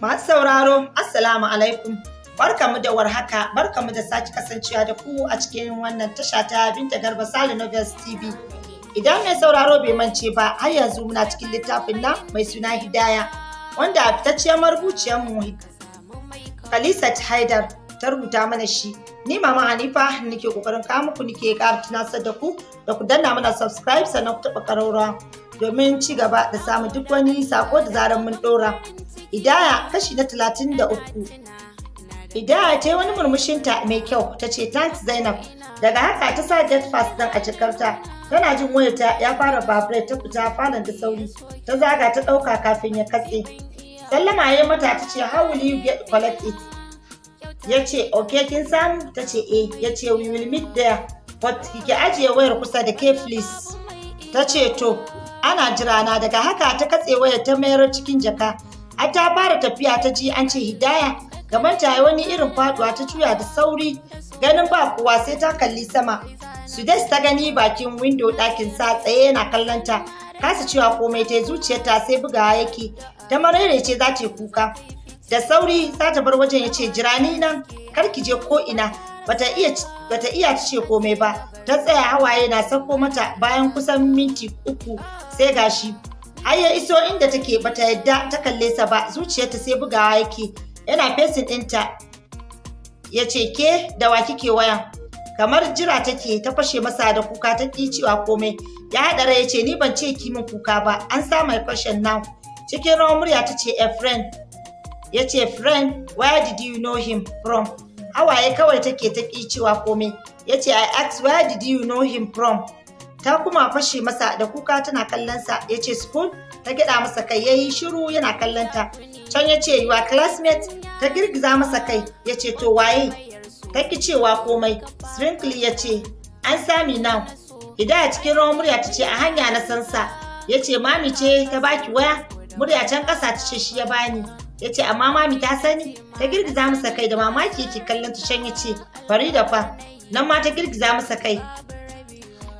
Masu sauraro, Assalamu alaikum. mu da warhaka, 'Barka mu da sake kasancewa da ku a cikin wannan tasha ta Binta Garba Sale Novels TV. Idan mai sauraro bai mance ba, har yanzu muna cikin littafin nan mai suna Hidaya, wanda a fitacciyar marubuciyar mu Khalisat Haidar ta rubuta mana shi. Ni mama Hanifa nake kokarin kawo muku nake ƙara tunasar da ku da ku danna mana subscribe sannan ku taɓa ƙararrawa domin ci gaba da samun duk wani sako da zarar mun ɗora. Idaya kashi na talatin da uku. Idaya ta yi wani murmushinta mai kyau ta ce thanks Zainab. Daga haka ta sa jet fast ɗin a cikarta. Tana jin wayarta ya fara vibrate ta fita falon da sauri. Ta zaga ta ɗauka kafin ya katse. Sallama ya mata ta ce how will you get collect it? Ya ce 'Ok kin samu? Ta ce eh. Ya ce we will meet there. But ki ajiye wayar kusa da ke please. Ta ce to ana jirana daga haka ta katse wayar ta mayar cikin jaka har ta fara tafiya ta ji an ce hidaya gaban ta yi wani irin faduwa ta juya da sauri ganin ba kowa sai ta kalli sama sudes ta gani bakin windo ɗakin sa tsaye yana kallon ta kasa cewa komai ta yi zuciyarta sai bugawa yake ta marere ce za ta kuka da sauri za ta bar wajen ya ce jira ni nan kar ki je ko ina bata iya ta ce komai ba ta tsaya hawaye na sako mata bayan kusan minti uku sai gashi har ya iso inda take bata yadda ta kalle sa ba zuciyarta sai bugawa yake yana fesin ɗinta ya ce ke da wa kike waya? kamar jira take ta fashe masa da kuka ta ki cewa komai ya haɗara ya ce ni ban ce ki min kuka ba an sa my question now cikin rawar murya ta ce a friend ya ce friend where did you know him from hawaye kawai take ta ki cewa komai ya ce i asked where did you know him from ta kuma fashe masa da kuka tana kallonsa ya ce spoon ta gida masa kai ya yi shiru yana kallonta can ya ce yiwa classmate ta girgiza masa kai ya ce to waye ta ki cewa komai sprinkly ya ce an sami now a cikin rawar murya ta ce a hanya na sansa ya ce mami ce ta baki waya murya can ƙasa ta ce shi ya bani ya ce amma mami ta sani ta girgiza masa kai da mamaki yake kallon ta can ya ce farida fa nan ma ta girgiza masa kai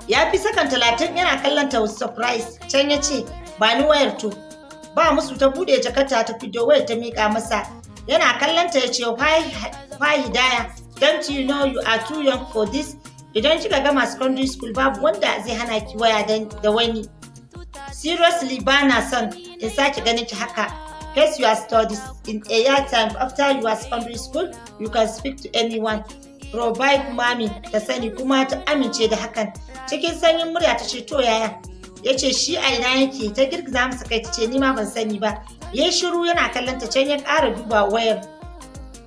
ya fi sakan talatin yana kallon ta surprise can ya ce ba ni wayar to ba musu ta bude jakarta ta fito waya ta miƙa masa yana kallon ta ya ce fa hidaya don't you know you are too young for this idan kika gama secondary school babu wanda zai hana ki waya da wani seriously ba na son in sake ganin ki haka face your studies in a year time after your secondary school you can speak to anyone Robai Mami ta sani kuma ta amince da hakan. Cikin sanyin murya ta ce to yaya? Ya ce shi a ina yake ta girgiza masa kai ta ce ni ma ban sani ba. Ya shiru yana kallon ta can ya ƙara duba wayar.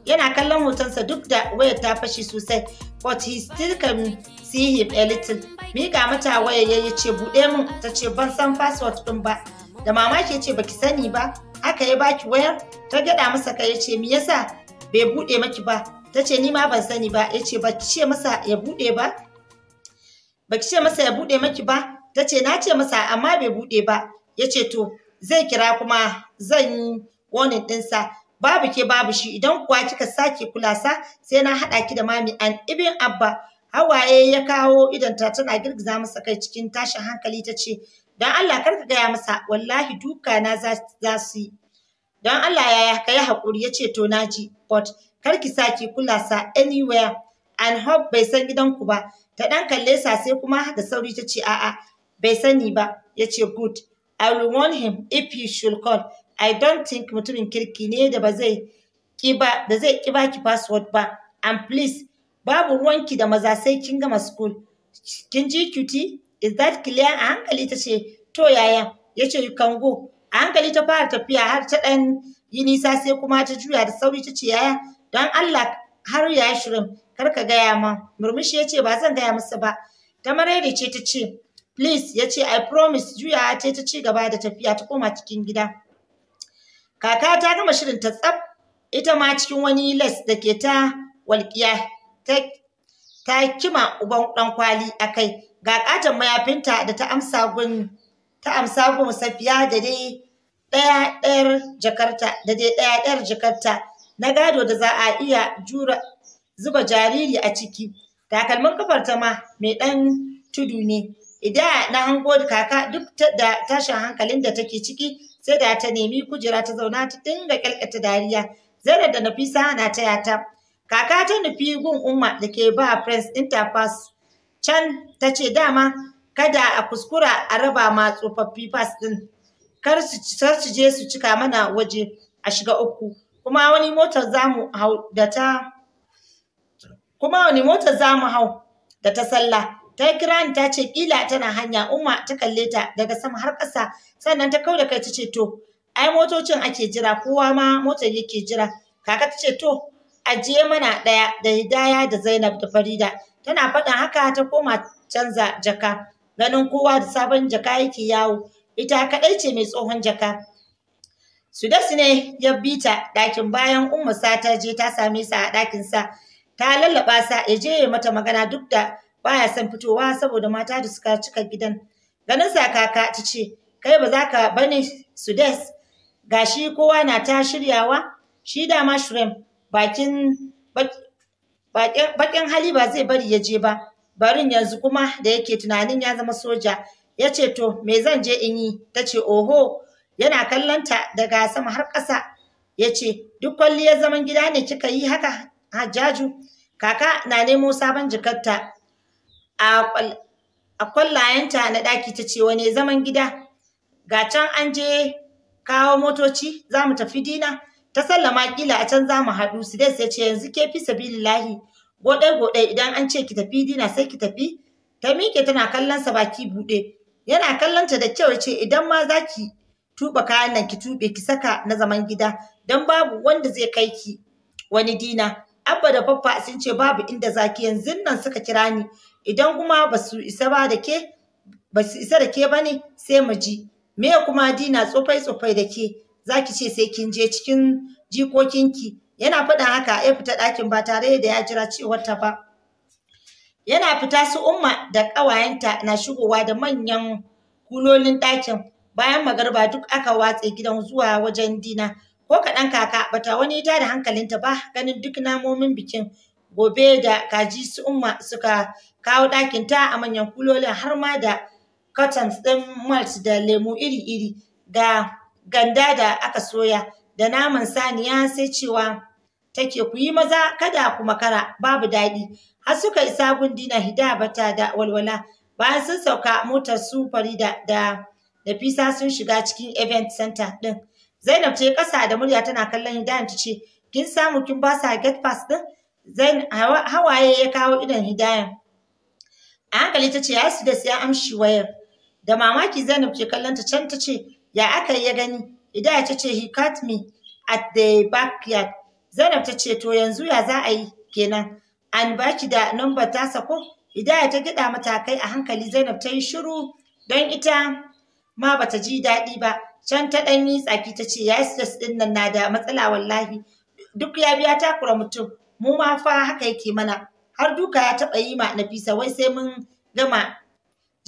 Yana kallon hotonsa duk da wayar ta fashe sosai. But he still can see him a little. Mika mata wayar ya ce buɗe min ta ce ban san password ɗin ba. Da mamaki ya ce baki sani ba. Haka ya baki wayar ta gyaɗa masa kai ya ce me yasa bai buɗe maki ba ta ce ni ma ban sani ba ya ce ba ce masa ya bude maki ba ta ce na ce masa amma bai bude ba ya ce to zai kira kuma zan yi warning ɗinsa babu ke babu shi idan kuwa kika sake kulasa sai na haɗa ki da mami an ibin abba hawaye ya kawo ta tana girgiza masa kai cikin tashin hankali ta ce don Allah kar ka gaya masa wallahi duka na za su yi don Allah yaya ka yi haƙuri ya ce to naji but kar ki sake kula sa anywhere and hope bai san gidanku ba ta dan kalle sa sai kuma da sauri ta ce a'a bai sani ba yace ce good I will warn him if he should call I don't think mutumin kirki ne da ba zai ba da zai ba ki password ba and please babu ki da maza sai kin gama school kin ji cuti? is that clear a hankali ta ce to yaya yace ce you can go a hankali ta fara tafiya har ta dan yi nisa sai kuma ta juya da sauri ta ce yaya don Allah har ya shirin kar ka gaya min murmushi ya ce ba zan gaya musu ba ta maraidi ce ta ce please ya ce i promise juya ce ta ci gaba da tafiya ta koma cikin gida kaka ta gama shirin ta tsaf ita ma cikin wani les da ke ta walƙiya ta ta kima uban dan kwali a kai ga katon mayafinta da ta amsa gun ta amsa gun safiya da dai ɗaya ɗayar jakarta da dai ɗaya ɗayar jakarta na gado da za a iya jura zuba jariri a ciki takalmin kafarta ma mai ɗan tudu ne idan na hango kaka duk da tashin hankalin da take ciki sai da ta nemi kujera ta zauna ta dinga kyalkata dariya Zara da nafisa na taya ta kaka ta nufi gun umma da ke ba prince interpass can ta ce dama kada a kuskura a raba ma tsofaffi pass ɗin, kar su je su cika mana waje a shiga uku kuma wani motar za mu hau da ta kuma wani motar za hau da ta sallah ta kira ni ta ce ƙila tana hanya umma ta kalle ta daga sama har ƙasa sannan ta kauda kai ta ce to ai motocin ake jira kowa ma motar yake jira kaka ta ce to ajiye mana ɗaya da hidaya da zainab da farida tana faɗin haka ta koma canza jaka ganin kowa da sabon jaka yake yawo ita kaɗai ce mai tsohon jaka Sudes ne ya bi ta ɗakin bayan sa ta je ta same sa a ɗakin sa ta lallaba sa ya je ya mata magana duk da baya son fitowa saboda mata da suka cika gidan. Ganin sa kaka ta ce kai ba za ka bane Sudas gashi kowa na ta shiryawa shi dama shirin bakin bakin hali ba zai bari ya je ba barin yanzu kuma da yake tunanin ya zama soja ya ce to me zan je in yi ta ce oho yana kallonta daga sama har ƙasa ya ce duk kwalliyar zaman gida ne kika yi haka hajjaju kaka na nemo sabon jikarta a kwallayenta na ɗaki ta ce wane zaman gida ga can an je kawo motoci za mu tafi dina ta sallama kila a can za mu haɗu su dai sai ce yanzu ke fi sabilillahi goɗe-goɗe idan an ce ki tafi dina sai ki tafi ta miƙe tana kallonsa baki buɗe yana kallonta da kyau ce idan ma za ki tuba kayan nan ki tube ki saka na zaman gida don babu wanda zai kai ki wani dina abba da baffa sun ce babu inda zaki yanzu nan suka kira ni idan kuma basu isa ba da ke su isa da ke bane sai mu ji me kuma dina tsofai tsofai da ke zaki ce sai kin je cikin jikokinki yana faɗin haka ya fita ɗakin ba tare da ya jira cewar ta ba yana fita su umma da ƙawayenta na shigowa da manyan kulolin ɗakin bayan magarba duk aka watse gidan zuwa wajen dina ko kaɗan kaka bata wani ta da hankalinta ba ganin duk namomin bikin gobe da kaji su umma suka kawo ɗakin ta a manyan kulolin har ma da cotton ɗin malt da lemu iri-iri da ganda da aka soya da naman saniya sai cewa take ku yi maza kada ku makara babu daɗi har suka isa gundina dina hida bata da walwala bayan sun sauka motar su farida da Nafisa sun shiga cikin event center ɗin. Zainab ce kasa da murya tana kallon Hidayat ta ce, "Kin samu kin ba sa get pass ɗin?" Zain hawaye ya kawo idon Hidayat. A hankali ta ce, su da ya amshi wayar." Da mamaki Zainab ce kallon ta can ta ce, "Ya aka ya gani?" Hidayat ta ce, "He caught me at the backyard." Zainab ta ce, "To yanzu ya za a yi kenan?" An baki da number tasa ko? Hidayat ta gida matakai a hankali Zainab ta yi shiru don ita ma bata ji daɗi ba can ta ɗan yi tsaki ta ce ya stress ɗin nan na da matsala wallahi duk ya biya takura mutum mu ma fa haka yake mana har duka ya taɓa yi ma Nafisa wai sai mun gama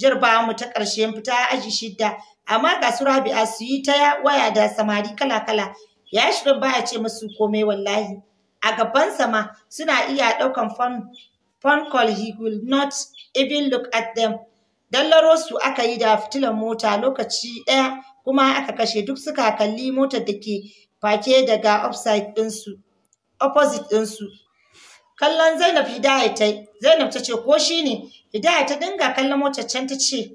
jarbawa mu ta ƙarshe fita aji shidda amma ga su Rabi'a su yi ta waya da samari kala-kala ya shirin baya ce musu komai wallahi a gaban sama suna iya ɗaukan phone phone call he will not even look at them Dallaro su aka yi da fitilan mota lokaci ɗaya kuma aka kashe duk suka kalli motar da ke fake daga upside ɗinsu, opposite ɗinsu. Kallon Zainab Hidaya ta Zainab ta ce ko shi ne, Hidaya ta dinga kallon motar can ta ce,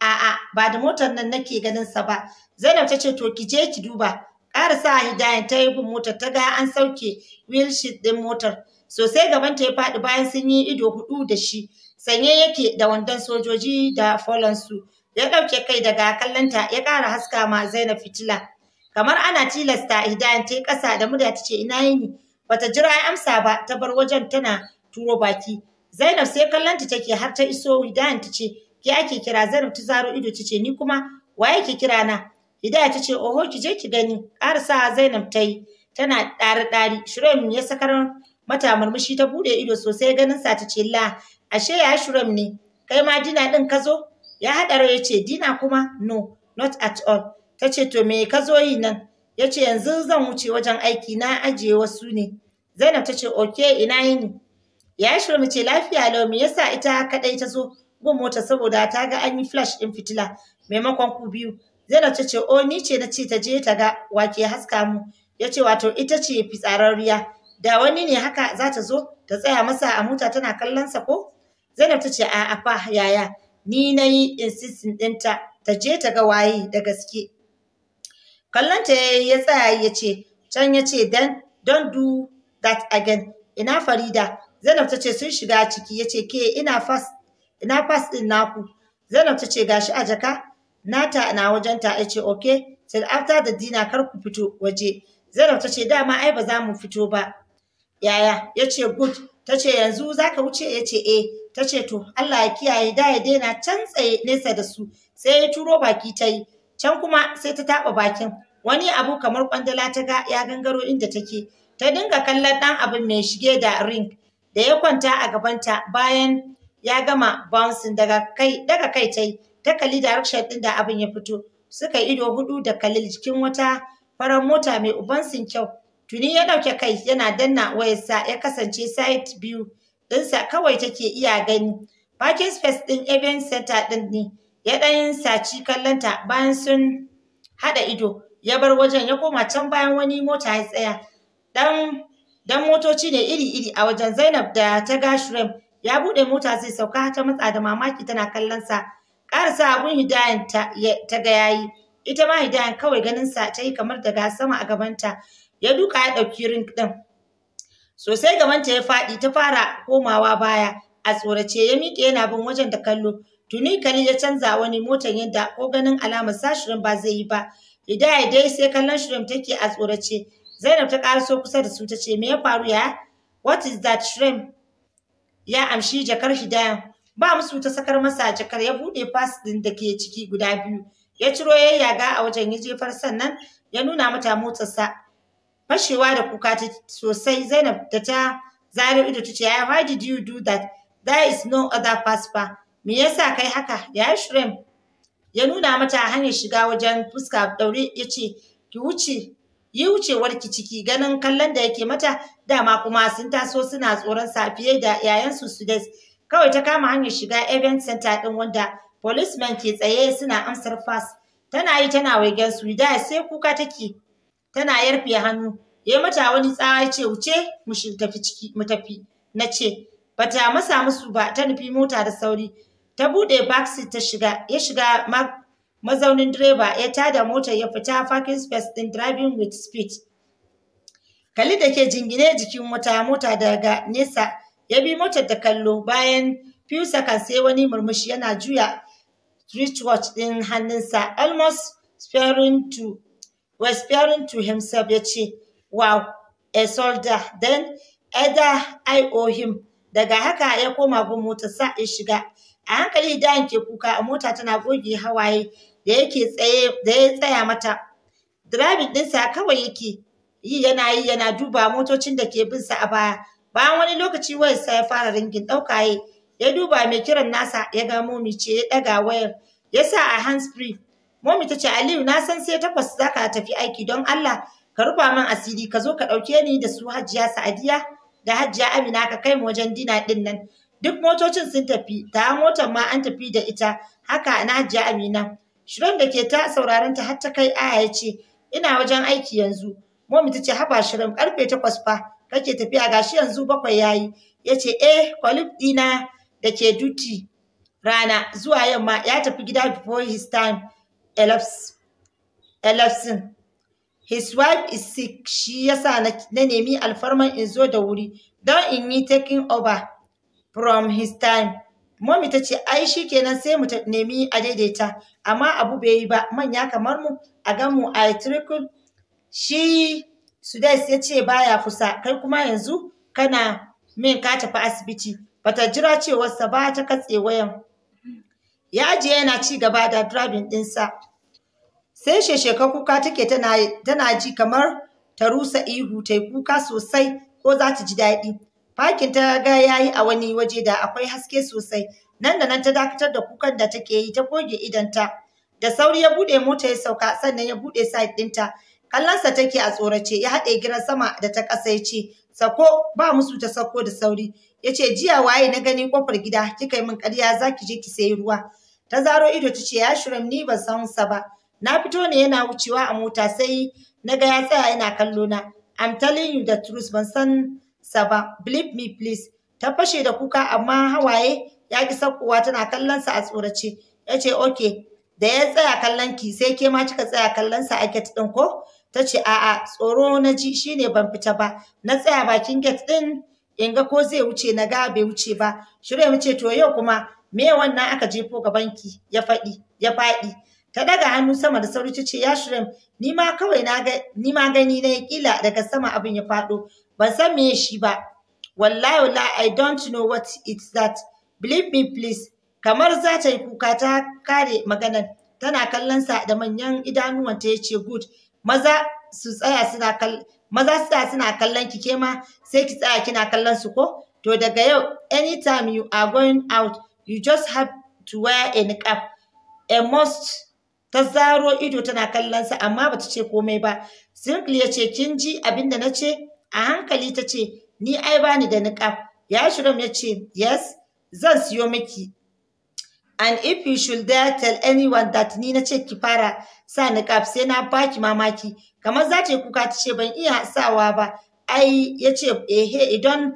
A'a, ba da motar nan nake ganin sa ba. Zainab ta ce to ki je ki duba. sa Hidaya ta yi bin motar ta ga an sauke wheelshit ɗin motar. Sosai gaban ta ya faɗi bayan sun yi ido hudu da shi. sanye yake da wandon sojoji da folonsu ya ɗauke kai daga kallonta ya ƙara haska ma zainab fitila kamar ana tilasta hidayen ta ƙasa da muda ta ce ina yini bata jira ya amsa ba ta bar wajen tana turo baki zainab sai kallonta take har ta iso hidayen ta ce ke ake kira zainab ta zaro ido ta ce ni kuma waye yake kira na hidaya ta ce oho ki je ki gani Ƙara sa zainab ta yi tana ɗari ɗari shirin ya sakar mata murmushi ta buɗe ido sosai ganin sa ta ce la ashe ya shuram ne kai ma dina din ka zo ya haɗara ya ce dina kuma no not at all ta ce to me ka zo yi nan Yace yanzu zan wuce wajen aiki na ajiye wasu ne zainab ta ce ok ina yini ya shuram ce lafiya lau me yasa ita kaɗai ta zo gun mota saboda ta ga an yi flash ɗin fitila maimakon ku biyu zainab ta ce o oh, ni ce na ce ta je ta ga wake haska mu Yace wato ita ce fitsararriya da wani ne haka za ta zo ta tsaya masa a mota tana kallonsa ko Zainab ta ce a fa yaya ni na yi insistin ɗinta ta je ta ga waye da gaske. Kallonta ya tsaya ya ce can ya ce dan don do that again ina Farida Zainab ta ce sun shiga ciki ya ce ke ina fas ina fas ɗin naku Zainab ta ce gashi a jaka nata na wajen ta ce okay till after the dinner kar ku fito waje Zainab ta ce dama ai ba za mu fito ba yaya ya ce good ta ce yanzu za ka wuce ya ce eh ta ce to Allah ya kiyaye da ya daina can tsaye nesa da su sai ya turo baki ta yi can kuma sai ta taɓa bakin wani abu kamar kwandala ta ga ya gangaro inda take ta dinga kallon ɗan abin mai shige da ring da ya kwanta a gabanta bayan ya gama bouncing daga kai daga kai ta yi ta kalli direction ɗin da abin ya fito suka ido hudu da kalil cikin wata farar mota mai ubansin kyau Tuni ya ɗauke kai yana danna wayarsa ya kasance site biyu ɗinsa kawai take iya gani. Parking space ɗin event center ɗin ne ya ɗan saci kallonta bayan sun haɗa ido ya bar wajen ya koma can bayan wani mota ya tsaya. Dan dan motoci ne iri-iri a wajen Zainab da ta ga ya buɗe mota zai sauka ta matsa da mamaki tana kallon sa. sa abun hidayanta ta, ga yayi. Ita ma hidayan kawai ganin sa tayi kamar daga sama a gabanta. ya duka ya ɗauki ring ɗin sosai gabanta ya faɗi ta fara komawa baya a tsorace ya miƙe yana bin wajen da kallo tuni kali ya canza wani motar yadda ko ganin alamar sa shirin ba zai yi ba hidaya dai sai kallon shirin take a tsorace zainab ta ƙaraso kusa da su ta ce me ya faru ya what is that shrimp ya amshi jakar hidayan ba musu ta sakar masa jakar ya buɗe fas ɗin da ke ciki guda biyu ya ciro yayyaga a wajen ya jefar sannan ya nuna mata motsa sa. fashewa da kuka ta sosai Zainab da ta zaro ido ta ce ah, why did you do that there is no other passpa me yasa kai haka ya shrim ya nuna mata hanyar shiga wajen fuska daure ya ce ki wuce yi ki ciki ganin kallon da yake mata dama kuma sun taso suna tsoron safiye da yayansu su kawai ta kama hanyar shiga event center din wanda policemen ke tsaye suna amsar fast tana yi tana waigen su da sai kuka take tana yarfe hannu ya mata wani tsawa ya ce wuce mu tafi ciki mu tafi na ce Ba bata masa musu ba ta nufi mota da sauri ta buɗe baksi ta shiga ya shiga mazaunin direba ya tada mota ya fita parking space din driving with speed Kalli da ke jingine jikin wata mota daga nesa ya bi motar da kallo bayan few seconds sai wani murmushi yana juya watch din hannunsa almost sparing to Whispering to himself yace ce, Wow, a soldier, then either I owe him. Daga haka ya koma gun mota sa ya shiga. A hankali Idan ke kuka a mota tana goge hawaye da yake tsaye da ya tsaya mata. Driving ɗinsa kawai yake yi yana yi yana duba motocin da ke bin sa a baya. Bayan wani lokaci wayar sa ya fara ringin ɗaukaye ya duba mai kiran nasa ya ga momi ce ya daga wayar ya sa a hands Momi ta ce Aliyu na san sai takwas za ka tafi aiki don Allah ka rufa min asiri ka zo ka ɗauke ni da su Hajiya Sa'adiya da Hajiya Amina ka kai mu wajen dina din nan. Duk motocin sun tafi, ta motar ma an tafi da ita haka na Hajiya Amina. Shirin da ke ta sauraron ta har ta kai aya ya ce ina wajen aiki yanzu. Momi ta ce haba shirin karfe takwas fa kake tafiya gashi yanzu bakwai yayi. Ya ce eh kwalif ɗina da ke duti rana zuwa yamma ya tafi gida before his time. elapse elapsin his wife is sick shi yasa na nemi alfarman in zo da wuri don in yi taking over from his time Mommy ta ce, ai shi kenan sai mu nemi a daidaita, amma abu bai yi ba, manya kamar mu a gan mu a Shi ya ce baya kusa, kai kuma yanzu kana min ka tafi asibiti. Bata jira cewarsa ba ta katse wayan. ya ajiye yana ci gaba da drabin ɗinsa sai shesheka kuka take tana ji kamar ta rusa ihu ta kuka sosai ko za ta ji daɗi fakin ta ga yayi a wani waje da akwai haske sosai nan da nan ta dakatar da kukan da take yi ta goge idanta da sauri ya buɗe mota ya sauka sannan ya buɗe side ɗinta kallonsa take a tsorace ya haɗe giran sama da ta ƙasa ya ce sako ba musu ta sako da sauri ya ce jiya waye na gani kofar gida kika yi min ƙarya za ki je ki sayi ruwa ta zaro ido ta ce ya shirin ni ban san sa ba na fito ne yana wucewa a mota sai na ga ya tsaya yana kallo na I'm telling you the truth ban san sa ba believe me please ta fashe da kuka amma hawaye ya ki sakkowa tana kallon sa a tsorace ya ce okay da ya tsaya kallon ki sai ke ma kika tsaya kallon sa a gate din ko ta ce a'a tsoro na ji shine ban fita ba na tsaya bakin gate din in ga ko zai wuce na ga bai wuce ba shirya mu ce to yau kuma me wannan aka jefo banki ya faɗi ya faɗi ta daga hannu sama da sauri tace ya shirya ni ma kawai na ga ni ma gani na kila daga sama abin ya faɗo ban san me shi ba wallahi wallahi i don't know what it's that believe me please kamar za ta yi kuka ta kare maganar tana kallon sa da manyan idanuwanta yace good maza su tsaya suna kallon maza su tsaya suna kallon ki ke ma sai ki tsaya kina kallon su ko to daga yau anytime you are going out you just have to wear a niqab a must ta zaro ido tana kallon sa amma bata ce komai ba simply ya ce kin ji abin da na ce a hankali ta ce ni ai bani da niqab ya shirin ya ce yes zan siyo miki and if you should dare tell anyone that ni na ce ki fara sa niqab sai na baki mamaki kamar za ta yi kuka ta ce ban iya sawa ba ai ya ce ehe idan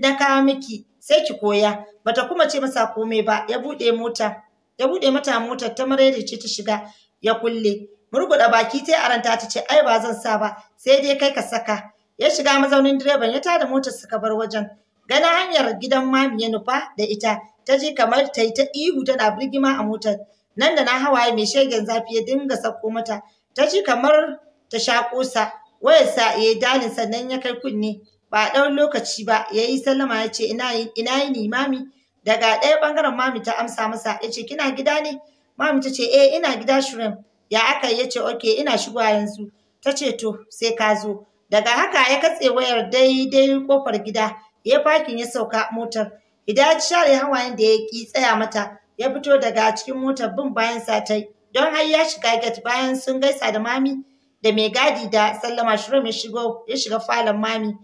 na kawo miki sai ki koya bata kuma ce masa komai ba ya buɗe mota ya mata motar ta marere ce ta shiga ya kulle murguɗa baki ta aranta ta ce ai ba zan sa ba sai dai kai ka saka ya shiga mazaunin direban ya tada motar suka bar wajen gana hanyar gidan mami ya nufa da ita ta ji kamar ta yi ta ihu tana birgima a motar nan da na hawaye mai shegen zafi ya dinga sauko mata ta ji kamar ta sha ƙusa wayarsa ya dalin sannan ya kai kunne ba a ɗan lokaci ba ya yi sallama ya ce ina yi ni mami daga ɗaya ɓangaren mami ta amsa masa ya ce kina gida ne mami ta ce eh ina gida shirin ya aka ya ce ok ina shigowa yanzu ta ce to sai ka zo daga haka ya katse wayar daidai kofar gida ya fakin ya sauka motar ci share hawayen da ya ki tsaya mata ya fito daga cikin motar bin bayan sa ta don har ya shiga gate bayan sun gaisa da mami da mai gadi da sallama shirin mai shigo ya shiga falon mami.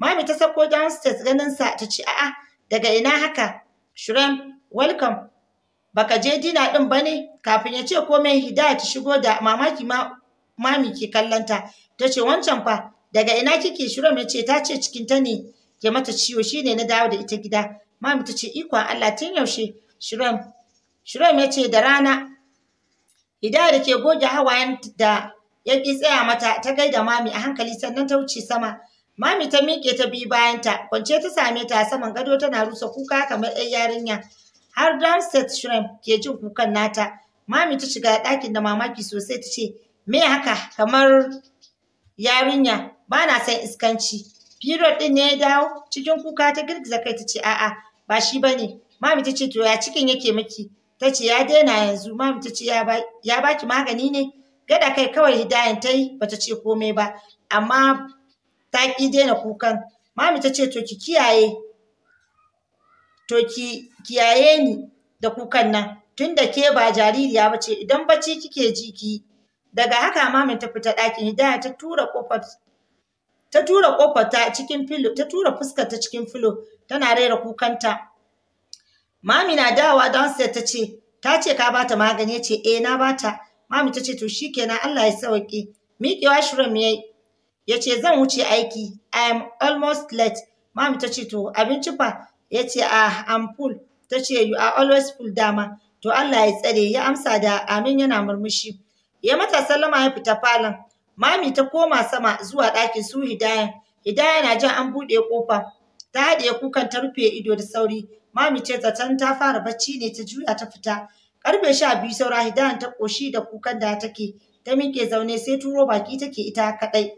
Mami ta sako downstairs ganin sa ta ce a'a daga ina haka Shirem welcome baka je dina din bane kafin ya ce komai Hidayat ta shigo da mamaki ma mami ke kallanta ta ce wancan fa daga ina kike shiram ya ce ta ce cikin ta ne ke mata ciwo shine na dawo da ita gida Mami ta ce ikon Allah tun yaushe Shirem. Shirem ya ce da rana. Idan da ke goge hawayen da ya ƙi tsaya mata ta gaida mami a hankali sannan ta wuce sama. Mami ta miƙe ta bi bayanta, kwance ta same ta saman gado tana rusa kuka kamar 'yar yarinya. Har set shiram ke jin kukan nata. Mami ta shiga ɗakin da mamaki sosai ta ce, Me haka kamar yarinya ba na son iskanci. Period ɗin ne ya dawo cikin kuka ta girgiza kai ta ce a'a ba shi ba ne mami ta ce to ya cikin yake miki ta ce ya daina yanzu mami ta ce ya baki magani ne gada kai kawai hidayen ta yi ta ce komai ba amma ta ki daina kukan mami ta ce to ki kiyaye to ki kiyaye ni da kukan nan tun da ke ba jaririya ba ce idan bacci kike ji ki daga haka Mami ta fita ɗakin hidaya ta tura kofar ta tura ta cikin filo ta tura fuskar ta cikin filo tana raira kukanta mami na dawa don sai ta ce ta ce ka bata magani ya ce eh na bata mami ta ce to shi kenan Allah ya sauke miƙewa shirin me ya ce zan wuce aiki i am almost late mami ta ce to abinci fa ya ce a ah, am ta ce you are always full dama to Allah ya tsare ya amsa da amin yana murmushi ya mata sallama ya fita falon mami ta koma sama zuwa ɗakin su hidayan hidaya na jan an buɗe ƙofa ta haɗe kukan ta rufe ido da sauri mami ce zaton ta fara bacci ne ta juya ta fita karfe sha biyu saura hidayan ta ƙoshi da kukan da take ta miƙe zaune sai turo baki take ita kaɗai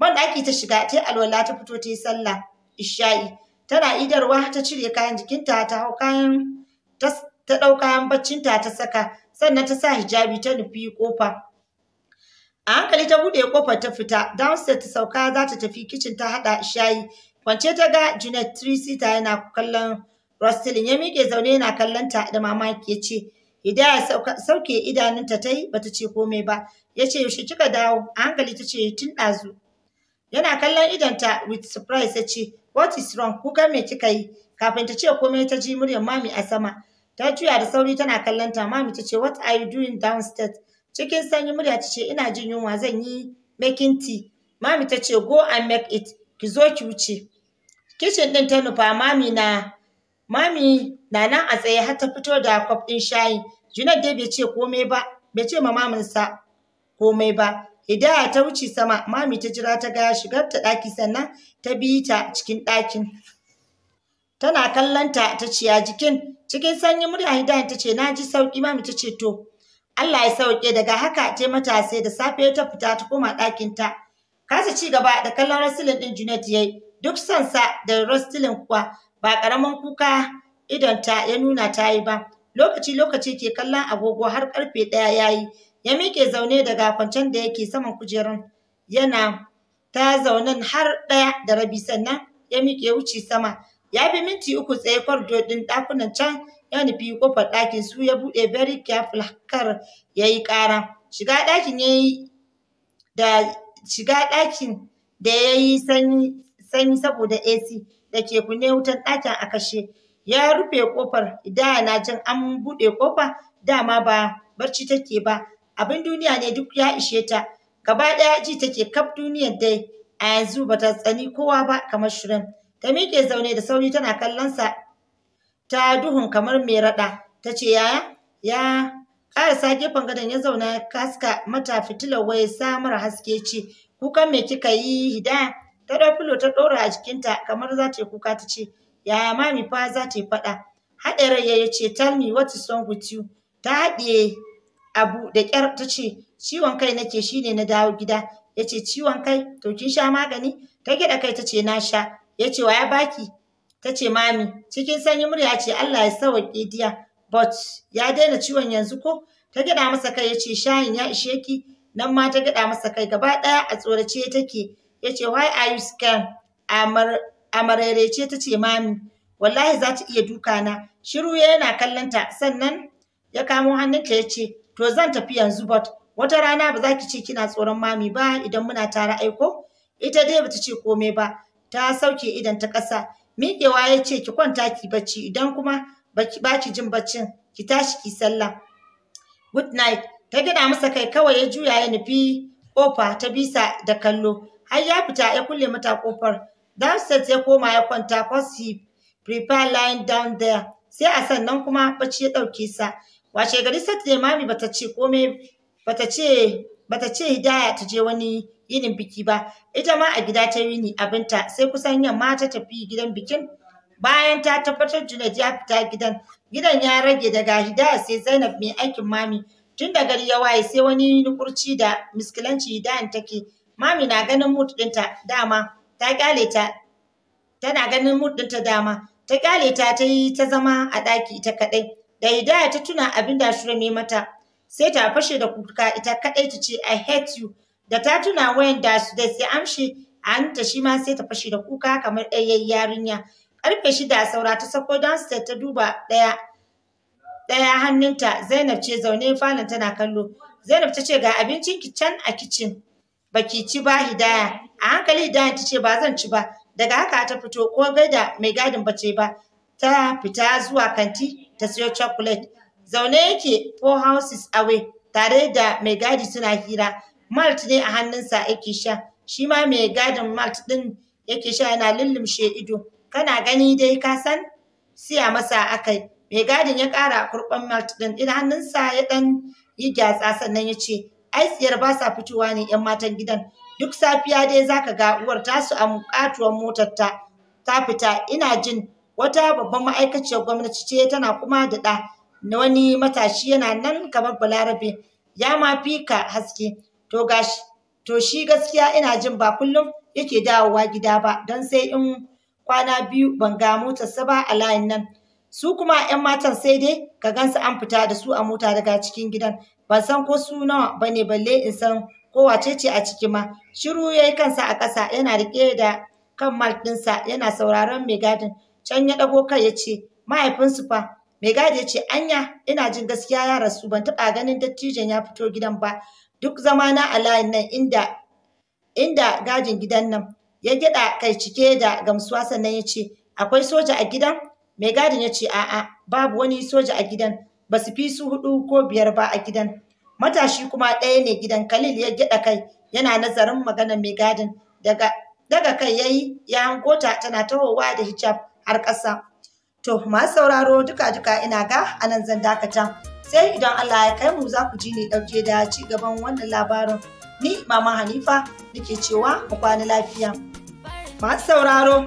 Man ɗaki ta shiga ta alwala ta fito ta yi sallah isha'i tana idarwa ta cire kayan jikinta ta hau kayan ta ɗau kayan baccinta ta saka sannan ta sa hijabi ta nufi kofa a hankali ta buɗe kofar ta fita downstairs ta sauka za ta tafi kicin ta haɗa shayi Kwance ta ga Junet Trisita yana kallon Rostelin ya miƙe zaune yana kallon ta da mamaki ya ce Hidaya sauke idanunta ta yi bata ce komai ba ya ce yaushe kika dawo a hankali ta ce tun ɗazu. Yana kallon idonta with surprise ya ce what is wrong kuka me kika yi kafin ta ce komai ta ji muryar mami a sama ta juya da sauri tana kallon ta mami ta ce what are you doing downstairs cikin sanyi murya ta ce ina jin yunwa zan yi making tea mami ta ce go and make it ki zo ki wuce kicin ɗin ta nufa mami na mami na nan a tsaye har ta fito da kwaf ɗin shayi Junaid dai bai ce komai ba bai ce ma maminsa komai ba Hidaya ta wuce sama mami ta jira ta ga shigar ta ɗaki sannan ta bi ta cikin ɗakin tana kallon ta ta ce ya jikin cikin sanyi murya Hidaya ta ce na ji sauki mami ta ce to Allah ya sauke daga haka ta mata sai da safe ta fita ta koma ɗakin ta Kasa ci gaba da kallon wrestling ɗin Junet yayi duk duk sansa da wrestling kuwa ba karaman kuka ta ya nuna ta yi ba. Lokaci-lokaci ke kallon agogo har karfe ɗaya yayi ya mike zaune daga kwancen da yake saman kujerun yana ta zaunen har ɗaya da rabi sannan ya mike wuce sama. Ya bi minti uku tsaye kwardo ɗin dakunan can ya nufi kofar ɗakin su ya buɗe very careful kar ya yi ƙara. Shiga ɗakin ya yi da shiga ɗakin da ya yi sanyi saboda AC da ke kunne wutan ɗakin a kashe. Ya rufe ƙofar da na jin an buɗe ƙofa dama ba barci take ba. Abin duniya ne duk ya ishe ta. Gaba ɗaya ji take kaf duniyar dai a yanzu ba ta tsani kowa ba kamar shirin. Ta miƙe zaune da sauri tana kallonsa ta duhun kamar mai raɗa. Ta ce yaya? Ya Ƙarasa gefen gadon ya zauna ya kaska mata fitilar waya samar haske ce. Kukan me kika yi hida? Ta ɗau filo ta ɗora a jikinta kamar za ta yi kuka ta ce, yaya mami fa za ta yi faɗa. Haɗe rai ya ce, tell me what is wrong Ta haɗe abu da ƙyar ta ce, ciwon kai nake ne na dawo gida. Ya ce, ciwon kai? To kin sha magani? Ta gyaɗa kai ta ce, na sha. Ya ce, wa ya baki? Ta ce, mami, cikin sanyi murya ce, Allah ya sawaƙe diya. but ya daina ciwon yanzu ko ta gyaɗa masa kai yace. ce shayin ya ishe ki nan ma ta gida masa kai gaba ɗaya a tsorace take yace ce why are you scared a mararece ta ce mami wallahi za ta iya duka na shiru yana kallon ta sannan ya kamo hannunta ya ce to zan tafi yanzu but wata rana ba za ki ce kina tsoron mami ba idan muna tare aiko ita dai bata ce komai ba ta sauke idan ta ƙasa miƙewa yace, ki kwanta ki bacci idan kuma ba ki jin baccin ki tashi ki sallah good night ta gida masa kai kawai ya juya ya nufi kofa ta bisa da kallo har ya fita ya kulle mata kofar downstairs ya koma ya kwanta cause he prepare lying down there sai a sannan kuma bacci ya dauke sa washe gari saturday mami bata ce komai bata ce bata ce hidaya ta je wani yinin biki ba ita ma a gida ta yini abinta sai kusan yamma ta tafi gidan bikin bayan ta tabbatar da ya fita gidan gidan ya rage daga hida sai Zainab mai aikin mami tun da gari ya waye sai wani nukurci da miskilanci Hidayan take mami na ganin mood ɗinta dama ta kyale ta tana ganin mood ɗinta dama ta kyale ta ta yi ta zama a ɗaki ita kaɗai da Hidaya ta tuna abin da Shura mata sai ta fashe da kuka ita kaɗai ta ce I hate you da ta tuna wayan da su da sai amshi a hannunta shi ma sai ta fashe da kuka kamar ɗayan yarinya Karfe shida saura ta sako downstairs ta duba ɗaya ɗaya hannunta Zainab ce zaune falon tana kallo. Zainab ta ce ga abincin ki can a kicin. Baki ci ba Hidaya. A hankali Hidaya ta ce ba zan ci ba. Daga haka ta fito ko gaida mai gadin bace ba. Ta fita zuwa kanti ta siyo chocolate. Zaune yake four houses away tare da mai gadi suna hira. Malt ne a hannunsa yake sha. Shi ma mai gadin malt ɗin yake sha yana lullumshe ido. kana gani dai ka san siya masa akai mai gadin ya ƙara kurban malt ɗin ina hannunsa ya ɗan yi gyatsa sannan ya ce ai tsiyar ba sa fitowa ne yan matan gidan duk safiya dai zaka ga uwar tasu a katuwar motar ta ta fita ina jin wata babban ma'aikaciyar gwamnati ce tana kuma da ɗa na wani matashi yana nan kamar balarabe ya ma fi ka haske to to shi gaskiya ina jin ba kullum yake dawowa gida ba don sai in kwana biyu ban ga motarsa ba a layin nan su kuma 'yan matan sai dai ka gansa an fita da su a mota daga cikin gidan ban san ko su nawa ba ne balle in san ko wace ce a ciki ma shiru ya yi kansa a ƙasa yana riƙe da kan mark ɗinsa yana sauraron mai gadin can ya ɗago kai ya ce mahaifinsu fa mai gadi ya ce anya ina jin gaskiya ya rasu ban taɓa ganin dattijan ya fito gidan ba duk zama na a layin nan inda inda gajin gidan nan ya gyaɗa kai cike da gamsuwa sannan ya ce akwai soja a gidan mai gadin ya ce a'a babu wani soja a gidan ba su fi su hudu ko biyar ba a gidan matashi kuma ɗaya ne gidan Kalil ya gyaɗa kai yana nazarin maganar mai gadin daga daga kai yayi ya hangota tana tahowa da hijab har ƙasa to masu sauraro duka duka ina ga anan zan dakata sai idan Allah ya kai mu za ku ji ni ɗauke da ci gaban wannan labarin ni mama hanifa nake cewa mu kwana lafiya masu sauraro